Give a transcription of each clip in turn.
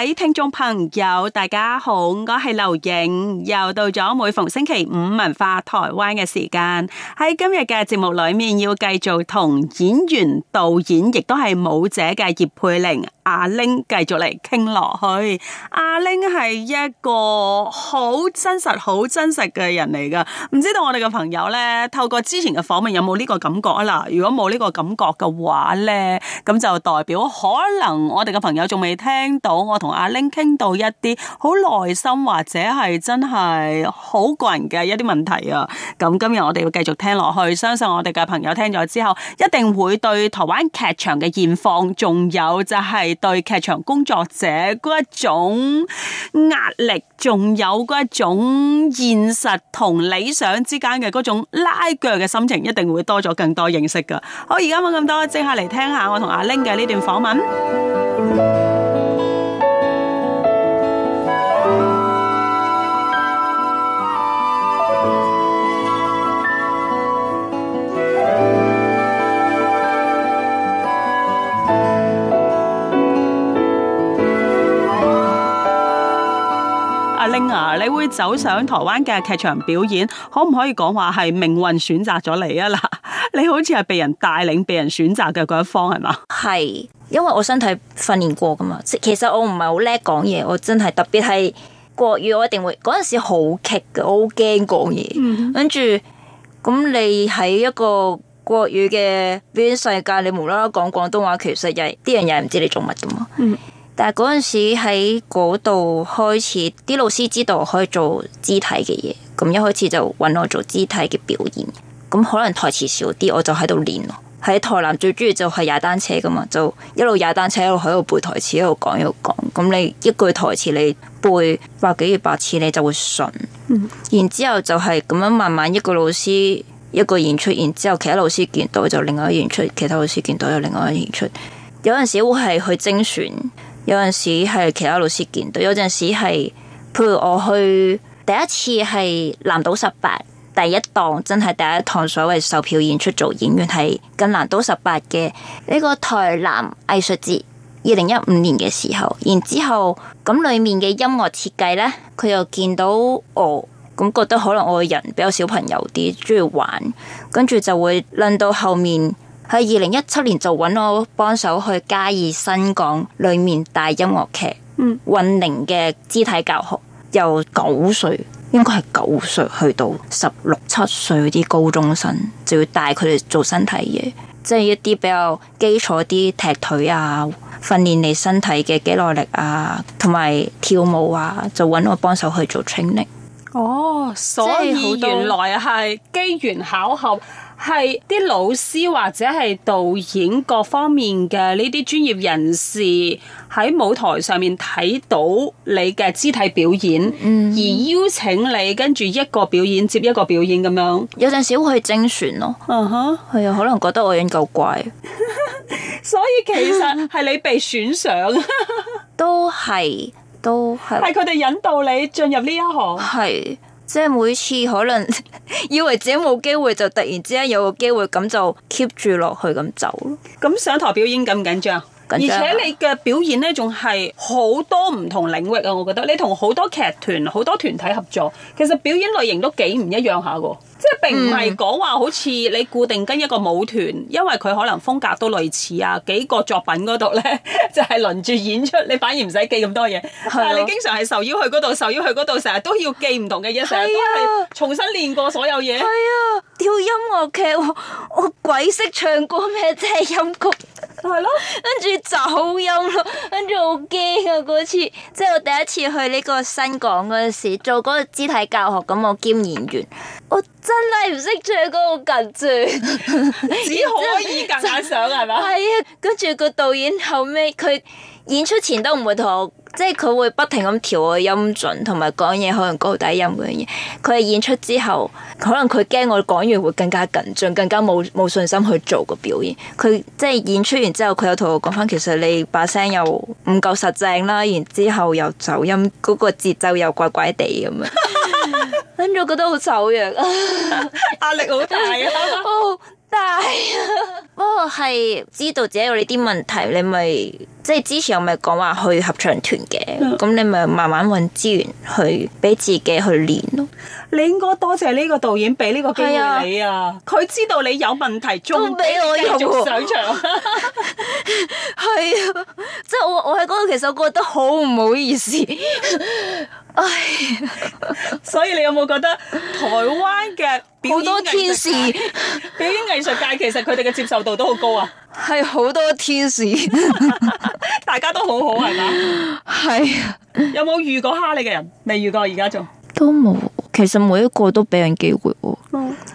位聽眾朋友，大家好，我係劉穎，又到咗每逢星期五文化台灣嘅時間。喺今日嘅節目裏面，要繼續同演員、導演，亦都係舞者嘅葉佩玲、阿玲繼續嚟傾落去。阿玲係一個好真實、好真實嘅人嚟噶。唔知道我哋嘅朋友咧，透過之前嘅訪問有冇呢個感覺啊？嗱，如果冇呢個感覺嘅話咧，咁就代表可能我哋嘅朋友仲未聽到我同。同阿玲傾到一啲好耐心，或者係真係好過人嘅一啲問題啊！咁今日我哋會繼續聽落去，相信我哋嘅朋友聽咗之後，一定會對台灣劇場嘅現況，仲有就係對劇場工作者嗰一種壓力，仲有嗰一種現實同理想之間嘅嗰種拉鋸嘅心情，一定會多咗更多認識噶。好，而家冇咁多，即刻嚟聽下我同阿玲嘅呢段訪問。啊！你會走上台灣嘅劇場表演，可唔可以講話係命運選擇咗你啊？嗱， 你好似係被人帶領、被人選擇嘅嗰一方係嘛？係，因為我身體訓練過噶嘛。其實我唔係好叻講嘢，我真係特別係國語，我一定會嗰陣時好劇嘅，我好驚講嘢。嗯。跟住咁，你喺一個國語嘅表演世界，你無啦啦講廣東話，其實啲人又係唔知你做乜噶嘛。嗯。但係嗰陣時喺嗰度開始，啲老師知道可以做肢體嘅嘢，咁一開始就搵我做肢體嘅表演。咁可能台詞少啲，我就喺度練咯。喺台南最中意就係踩單車㗎嘛，就一路踩單車一路喺度背台詞，一路講一路講。咁你一句台詞你背百幾二百次，你就會順。然之後就係咁樣慢慢一個老師一個演出，然之後其他老師見到就另外一個演出，其他老師見到又另外一個演出，另一個演出。有陣時會係去精選。有陣時係其他老師見到，有陣時係譬如我去第一次係南島十八第一檔，真係第一趟所謂售票演出做演員，係跟南島十八嘅呢個台南藝術節二零一五年嘅時候。然之後咁裏面嘅音樂設計呢，佢又見到我咁覺得可能我個人比較小朋友啲，中意玩，跟住就會輪到後面。喺二零一七年就搵我幫手去嘉義新港裏面帶音樂劇，混齡嘅肢體教學，由九歲，應該係九歲去到十六七歲啲高中生，就要帶佢哋做身體嘢，即係一啲比較基礎啲踢腿啊，訓練你身體嘅幾耐力啊，同埋跳舞啊，就搵我幫手去做 training。哦，所以好原來係機緣巧合。係啲老師或者係導演各方面嘅呢啲專業人士喺舞台上面睇到你嘅肢體表演，嗯、而邀請你跟住一個表演接一個表演咁樣。有陣時會去精選咯。啊哈、uh，係、huh. 啊，可能覺得我已經夠怪， 所以其實係你被選上， 都係都係。係佢哋引導你進入呢一行。係。即係每次可能 以為自己冇機會，就突然之間有個機會，咁就 keep 住落去咁走咯、嗯。咁上台表演緊唔緊張？而且你嘅表演咧，仲係好多唔同領域啊！我覺得你同好多劇團、好多團體合作，其實表演類型都幾唔一樣下嘅、啊。即係並唔係講話好似你固定跟一個舞團，因為佢可能風格都類似啊。幾個作品嗰度咧，就係、是、輪住演出，你反而唔使記咁多嘢。的但係你經常係受邀去嗰度，受邀去嗰度，成日都要記唔同嘅嘢，成日都係重新練過所有嘢。係啊，跳音樂劇，我，我鬼識唱歌咩？即係音曲。係咯，跟住走音咯，跟住好驚啊！嗰次即係我第一次去呢個新港嗰時做嗰個肢體教學咁，我兼演員，我真係唔識唱嗰個近住， 只可以格硬上係咪？係啊 就，跟住吧個導演後尾，佢演出前都唔會同我。即係佢會不停咁調我音準，同埋講嘢可能高低音嗰樣嘢。佢係演出之後，可能佢驚我講完會更加緊張，更加冇冇信心去做個表演。佢即係演出完之後，佢又同我講翻，其實你把聲又唔夠實淨啦。然之後又走音，嗰、嗰個節奏又怪怪地咁樣，跟住 我覺得好醜樣， 壓力好大啊！ 大啊！不過係知道自己有呢啲問題，你咪即係之前我咪講話去合唱團嘅，咁、嗯、你咪慢慢揾資源去俾自己去練咯。你應該多謝呢個導演俾呢個機會啊你啊！佢知道你有問題，仲俾我繼續上場。係 啊，即係我我喺嗰個，其實我覺得好唔好意思。 唉，所以你有冇覺得台灣嘅好多天使 表演藝術界，其實佢哋嘅接受度都好高啊？係好多天使 大家都好好係咪？係、啊、有冇遇過蝦你嘅人？未遇過，而家仲都冇。其實每一個都俾人機會，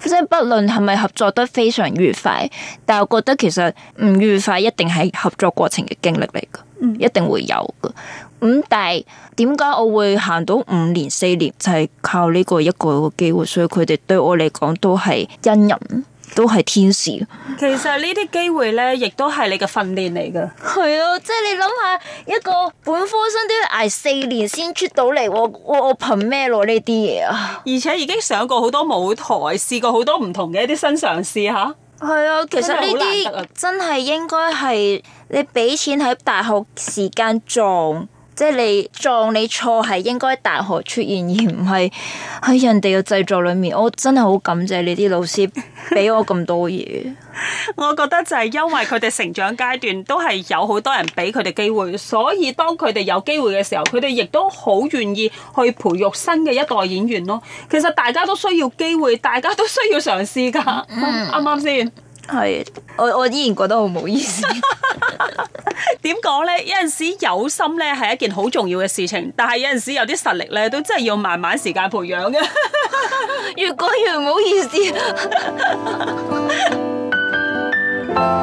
即係、嗯、不論係咪合作得非常愉快，但係我覺得其實唔愉快一定係合作過程嘅經歷嚟㗎，一定會有㗎。五大點解我會行到五年四年，就係、是、靠呢個一個一個機會，所以佢哋對我嚟講都係恩人，都係天使。其實呢啲機會呢，亦都係你嘅訓練嚟噶。係 啊，即、就、係、是、你諗下，一個本科生都要捱四年先出到嚟，我我憑咩攞呢啲嘢啊？而且已經上過好多舞台，試過好多唔同嘅一啲新嘗試吓。係啊， 啊，其實呢啲真係應該係你俾錢喺大學時間撞。即係你撞你錯係應該大學出現，而唔係喺人哋嘅製作裏面。我真係好感謝你啲老師俾我咁多嘢。 我覺得就係因為佢哋成長階段都係有好多人俾佢哋機會，所以當佢哋有機會嘅時候，佢哋亦都好願意去培育新嘅一代演員咯。其實大家都需要機會，大家都需要嘗試噶，啱唔啱先？ 嗯 係，我我依然覺得好唔好意思。點 講 呢？有陣時有心呢係一件好重要嘅事情，但係有陣時有啲實力呢都真係要慢慢時間培養嘅。 越講越唔好意思。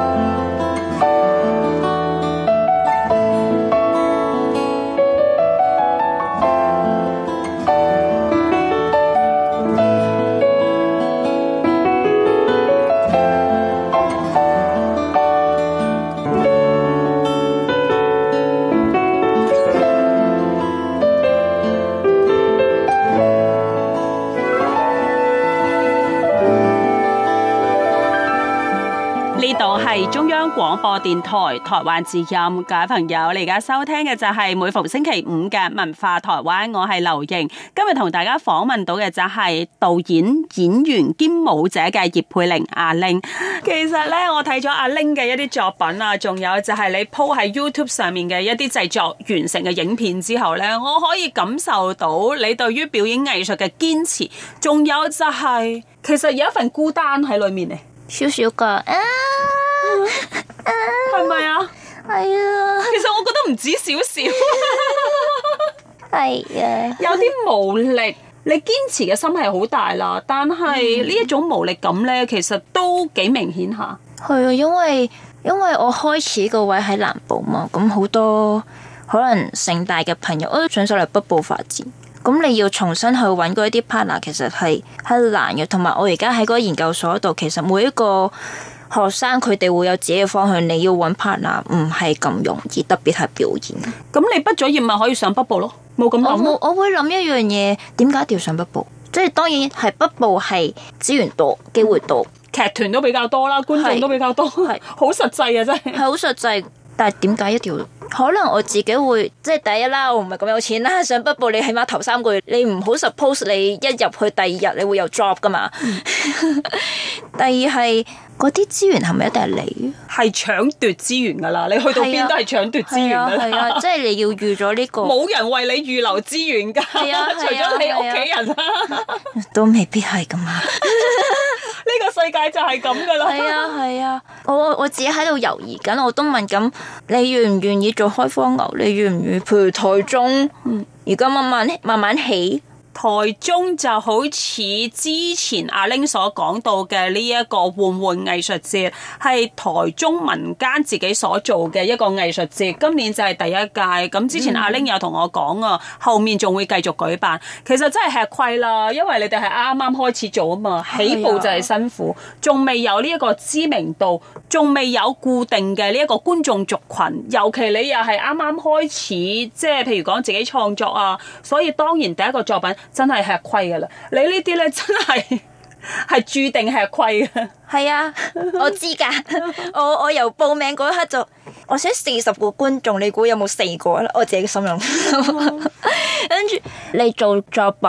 廣播電台台灣之音，各位朋友，你而家收聽嘅就係每逢星期五嘅文化台灣，我係劉瑩。今日同大家訪問到嘅就係導演、演員兼舞者嘅葉佩玲阿玲。其實咧，我睇咗阿玲嘅一啲作品啊，仲有就係你鋪喺 YouTube 上面嘅一啲製作完成嘅影片之後咧，我可以感受到你對於表演藝術嘅堅持。仲有就係、是，其實有一份孤單喺裏面嚟，少少噶。係咪啊？係啊。其實我覺得唔止少少。係啊。 有啲無力。你堅持嘅心係好大啦，但係呢一種無力感呢，其實都幾明顯下。係啊，因為因為我開始個位喺南部嘛，咁好多可能盛大嘅朋友我都想上嚟北部發展。咁你要重新去揾嗰一啲 partner，其實係係難嘅。同埋我而家喺嗰研究所度，其實每一個。學生佢哋會有自己嘅方向，你要搵 partner 唔係咁容易，特別係表演。咁你畢咗業咪可以上北部咯？冇，咁我我會諗一樣嘢，點解一定要上北部？即係當然係北部係資源多、機會多、劇團都比較多啦，觀眾都比較多，係好是 實際啊，真係係好實際。但係點解一定要？可能我自己會即係第一啦，我唔係咁有錢啦。上北部你起碼頭三個月，你唔好 suppose 你一入去第二日你會有 job 噶嘛。嗯、 第二係嗰啲資源係咪一定係你？係搶奪資源噶啦，你去到邊都係搶奪資源啊！係啊，即係、啊就是、你要預咗呢個。冇人為你預留資源噶，啊啊、除咗你屋企人啦，啊啊啊、 都未必係噶嘛。 世界就係咁噶啦！係啊，係啊，我我自己喺度猶豫緊，我都問緊，你願唔願意做開荒牛？你願唔願意？譬如台中？而家慢慢慢慢起。台中就好似之前阿玲所講到嘅呢一個換換藝術節，係台中民間自己所做嘅一個藝術節，今年就係第一屆，咁之前阿玲有同我講啊，嗯、後面仲會繼續舉辦，其實真係吃虧啦，因為你哋係啱啱開始做啊嘛，起步就係辛苦，仲未、哎、呀有呢一個知名度，仲未有固定嘅呢一個觀眾族群。尤其你又係啱啱開始，即係譬如講自己創作啊，所以當然第一個作品。真係吃虧噶啦！你呢啲咧真係係注定吃虧噶。係啊，我知噶， 我我由報名嗰一刻就，我寫四十個觀眾，你估有冇四個啊？我自己嘅心諗，跟 住你做作品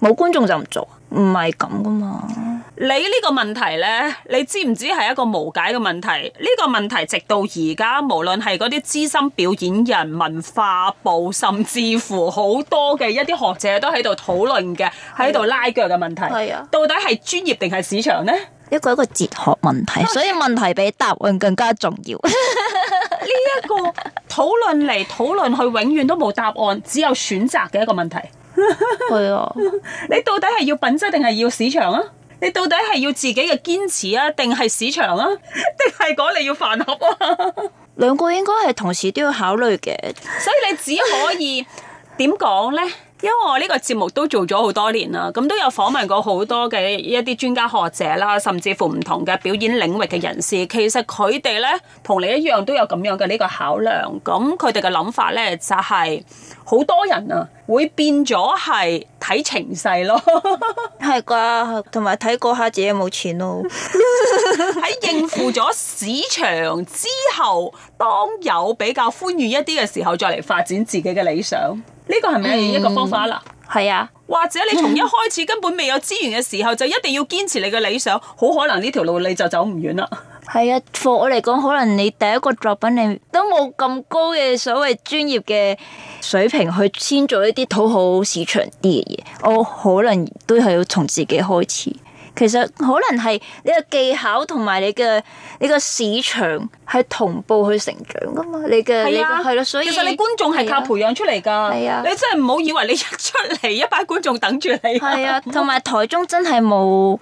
冇觀眾就唔做，唔係咁噶嘛。你呢個問題呢，你知唔知係一個無解嘅問題？呢、呢個問題直到而家，無論係嗰啲資深表演人、文化部，甚至乎好多嘅一啲學者都喺度討論嘅，喺度的拉鋸嘅問題。的到底係專業定係市場呢？一個一個哲學問題，所以問題比答案更加重要。呢 一、 個討論嚟討論去，永遠都冇答案，只有選擇嘅一個問題。係 啊的，你到底係要品質定係要市場啊？你到底係要自己嘅堅持啊，定係市場啊，定係講你要飯盒啊？兩 個應該係同時都要考慮嘅， 所以你只可以點講 呢？因為我呢個節目都做咗好多年啦，咁都有訪問過好多嘅一啲專家學者啦，甚至乎唔同嘅表演領域嘅人士。其實佢哋呢，同你一樣都有咁樣嘅呢個考量。咁佢哋嘅諗法呢，就係、是、好多人啊會變咗係。睇情勢咯， 係噶，同埋睇過下自己有冇錢咯 喺應付咗市場之後，當有比較寬裕一啲嘅時候，再嚟發展自己嘅理想，呢個係咪一個方法啦？係、嗯、啊， 或者你從一開始根本未有資源嘅時候，就一定要堅持你嘅理想，好可能呢條路你就走唔遠啦。係啊，for 我嚟講，可能你第一個作品你都冇咁高嘅，所謂專業嘅水平去先做一啲討好市場啲嘅嘢，我可能都係要從自己開始。其實可能係你嘅技巧同埋你嘅你個市場係同步去成長噶嘛，你嘅係啊，係咯，所以其實你觀眾係靠培養出嚟噶，係啊、你真係唔好以為你一出嚟，一班觀眾等住你。係啊，同埋 台中真係冇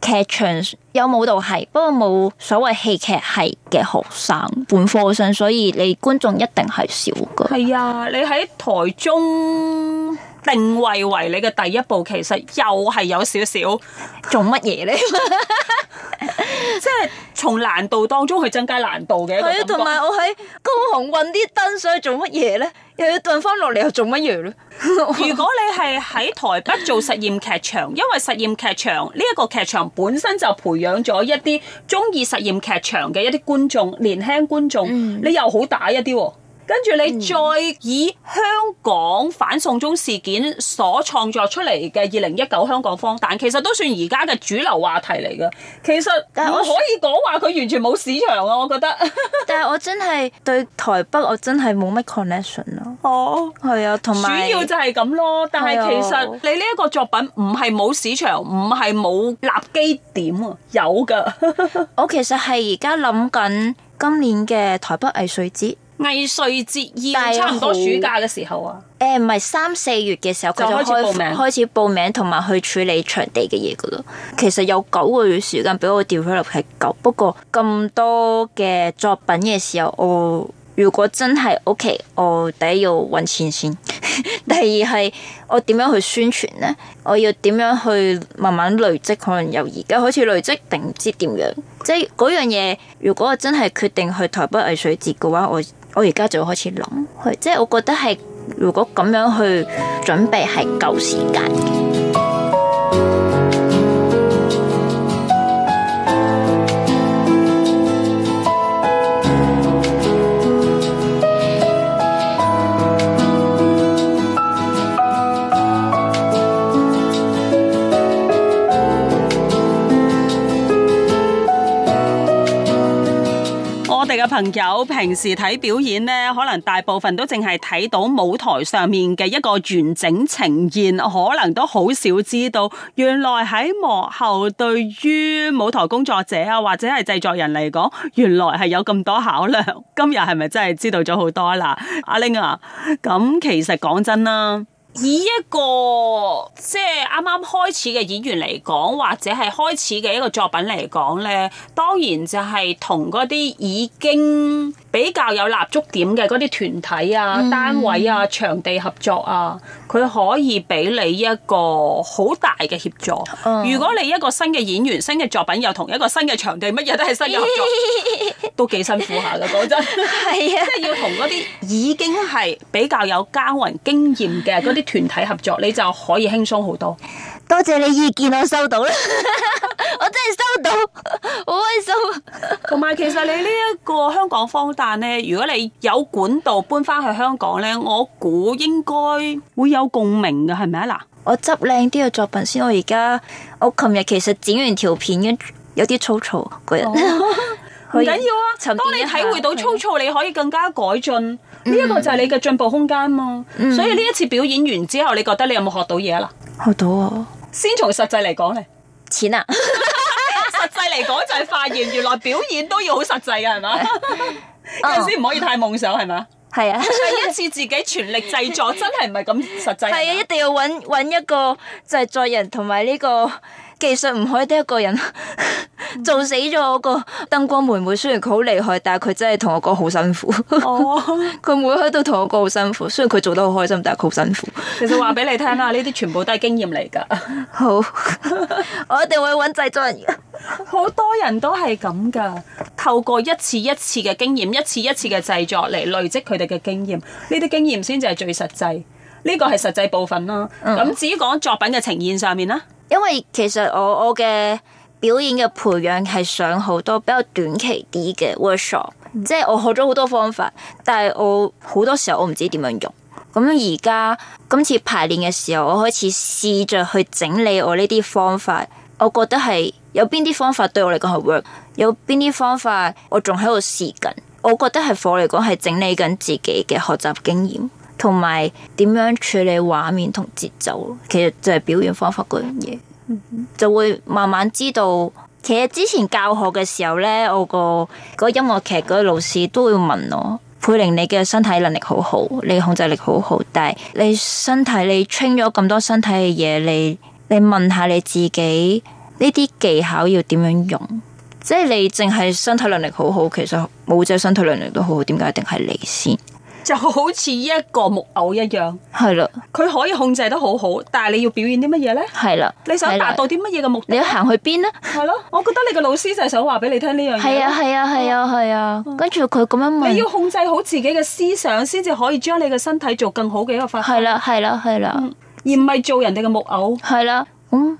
劇場有舞蹈系，不過冇所謂戲劇系嘅學生本科生，所以你觀眾一定係少噶。係啊，你喺台中。定位為你嘅第一步，其實又係有少少做乜嘢呢？ 即係從難度當中去增加難度嘅。係啊，同埋我喺高雄運啲燈，所以做乜嘢呢？又要運翻落嚟又做乜嘢呢？ 如果你係喺台北做實驗劇場，因為實驗劇場呢一、呢個劇場本身就培養咗一啲鍾意實驗劇場嘅一啲觀眾，年輕觀眾，嗯、你又好打一啲、哦。跟住你再以香港反送中事件所創作出嚟嘅二零一九香港荒誕，但其實都算而家嘅主流話題嚟嘅。其實但我可以講話佢完全冇市場啊，我覺得。 但係我真係對台北，我真係冇乜 connection 咯，啊。哦，係啊，同埋主要就係咁咯。但係、啊、其實你呢一個作品唔係冇市場，唔係冇立基點啊，有噶。 我其實係而家諗緊今年嘅台北藝術節。藝術節要差唔多暑假嘅時候啊，誒唔係三四月嘅時候就開始報名，開始報名同埋去處理場地嘅嘢噶咯。其實有九個月時間俾我 develop 係夠，不過咁多嘅作品嘅時候，我如果真係 OK，我第一我要揾錢先， 第二係我點樣去宣傳呢？我要點樣去慢慢累積？可能由而家開始累積，定唔知點樣？即係嗰樣嘢，如果我真係決定去台北藝術節嘅話，我。我而家就開始諗，即係我覺得係如果咁樣去準備係夠時間嘅。朋友平時睇表演呢，可能大部分都淨係睇到舞台上面嘅一個完整呈現，可能都好少知道，原來喺幕後對於舞台工作者啊，或者係製作人嚟講，原來係有咁多考量。今日係咪真係知道咗好多啦？阿玲啊，咁其實講真啦。以一個即係啱啱開始嘅演員嚟講，或者係開始嘅一個作品嚟講呢，當然就係同嗰啲已經比較有立足點嘅嗰啲團體啊、嗯、單位啊、場地合作啊。佢可以俾你一個好大嘅協助。嗯、如果你一個新嘅演員、新嘅作品又同一個新嘅場地，乜嘢都係新嘅合作， 都幾辛苦下講真。係啊，即係 要同嗰啲已經係比較有耕耘經驗嘅嗰啲團體合作，你就可以輕鬆好多。多謝你意見，我收到啦， 我真係收到，好開心。同埋，其實你呢一個香港荒誕咧，如果你有管道搬翻去香港咧，我估應該會有共鳴噶，係咪啊？嗱，我執靚啲嘅作品先。我而家我琴日其實剪完條片，有啲粗糙個唔緊要啊。當你體會到粗糙，的你可以更加改進。呢一、嗯、個就係你嘅進步空間嘛。嗯、所以呢一次表演完之後，你覺得你有冇學到嘢啦？學到、哦、先從實際嚟講咧，錢啊！ 實際嚟講就係發現，原來表演都要好實際嘅係咪？咁先唔可以太夢想係咪？係啊，上 一次自己全力製作 真係唔係咁實際。係 啊，一定要揾揾一個製作人同埋呢個。技術唔可以得一個人，做死咗嗰個燈光妹妹，雖然佢好厲害，但係佢真係同我講好辛苦。哦，佢每刻都同我講好辛苦，雖然佢做得好開心，但係佢好辛苦。其實話俾你聽啦，呢啲全部都係經驗嚟噶。好，我一定會搵製作人，好多人都係咁噶。透過一次一次嘅經驗，一次一次嘅製作嚟累積佢哋嘅經驗，呢啲經驗先至係最實際。呢個係實際部分囉。咁至於講作品嘅呈現上面啦。因為其實我我嘅表演嘅培養係上好多比較短期啲嘅 workshop，即係我學咗好多方法，但係我好多時候我唔知點樣用。咁而家今次排練嘅時候，我開始試着去整理我呢啲方法。我覺得係有邊啲方法對我嚟講係 work，有邊啲方法我仲喺度試緊。我覺得係火嚟講係整理緊自己嘅學習經驗。同埋點樣處理畫面同節奏，其實就係表演方法嗰樣嘢，mm hmm. 就會慢慢知道。其實之前教學嘅時候呢，我、嗰個音樂劇嗰老師都會問我：佩玲，你嘅身體能力好好，你控制力好好，但係你身體你 train 咗咁多身體嘅嘢，你你問下你自己呢啲技巧要點樣用？即係你淨係身體能力好好，其實冇只身體能力都好好，點解一定係你先？就好似一個木偶一樣，係咯的，佢可以控制得好好，但係你要表演啲乜嘢咧？係啦的，你想達到啲乜嘢嘅目？你要行去邊咧？係咯，我覺得你個老師就係想話俾你聽呢、嗯、樣嘢。係啊，係啊，係啊，係啊，跟住佢咁樣，你要控制好自己嘅思想，先至可以將你嘅身體做更好嘅一個發揮。係啦，係啦，係啦，而唔係做人哋嘅木偶。係啦。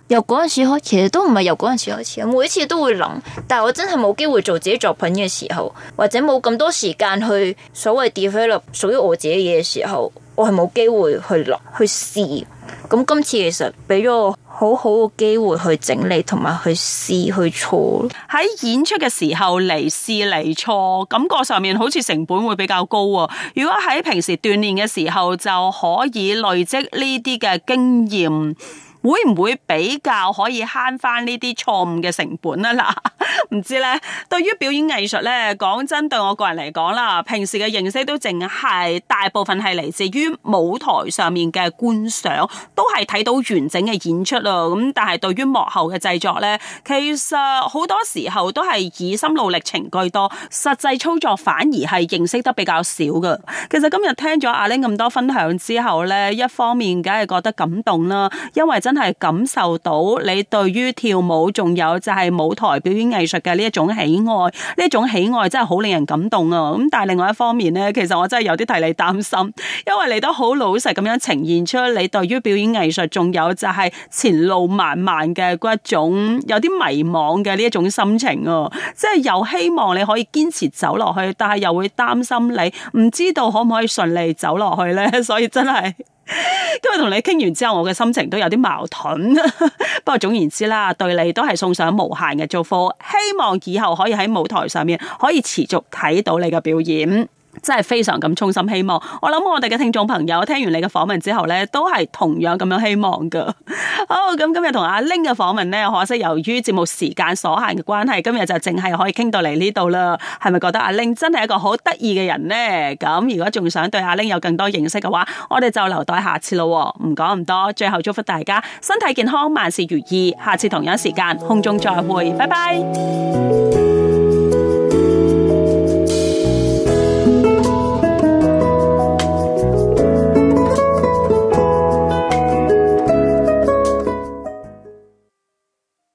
由嗰陣時開始，其實都唔係由嗰陣時開始。每一次都會諗，但係我真係冇機會做自己作品嘅時候，或者冇咁多時間去所謂 develop 屬於我自己嘢嘅時候，我係冇機會去諗去試。咁今次其實俾咗我好好嘅機會去整理同埋去試去錯。喺演出嘅時候嚟試嚟錯，感覺上面好似成本會比較高喎。如果喺平時鍛煉嘅時候就可以累積呢啲嘅經驗。會唔會比較可以慳翻呢啲錯誤嘅成本啊？嗱，唔 知咧，對於表演藝術咧，講真對我個人嚟講啦，平時嘅認識都淨係大部分係嚟自於舞台上面嘅觀賞，都係睇到完整嘅演出咯。咁但係對於幕後嘅製作咧，其實好多時候都係以心路歷程居多，實際操作反而係認識得比較少嘅。其實今日聽咗阿玲咁多分享之後咧，一方面梗係覺得感動啦，因為真。係感受到你對於跳舞，仲有就係舞台表演藝術嘅呢一種喜愛，呢一種喜愛真係好令人感動啊！咁但係另外一方面呢，其實我真係有啲替你擔心，因為你都好老實咁樣呈現出你對於表演藝術，仲有就係前路漫漫嘅嗰一種有啲迷茫嘅呢一種心情啊！即係又希望你可以堅持走落去，但係又會擔心你唔知道可唔可以順利走落去呢？所以真係。今日同你傾完之後，我嘅心情都有啲矛盾。 不過總言之啦，對你都係送上無限嘅祝福，希望以後可以喺舞台上面可以持續睇到你嘅表演。真係非常咁衷心希望。我諗我哋嘅聽眾朋友聽完你嘅訪問之後呢，都係同樣咁樣希望噶。 好，咁今日同阿玲嘅訪問呢，可惜由於節目時間所限嘅關係，今日就淨係可以傾到嚟呢度啦。係咪覺得阿玲真係一個好得意嘅人呢？咁如果仲想對阿玲有更多認識嘅話，我哋就留待下次咯。唔講咁多，最後祝福大家身體健康，萬事如意。下次同樣時間空中再會，拜拜。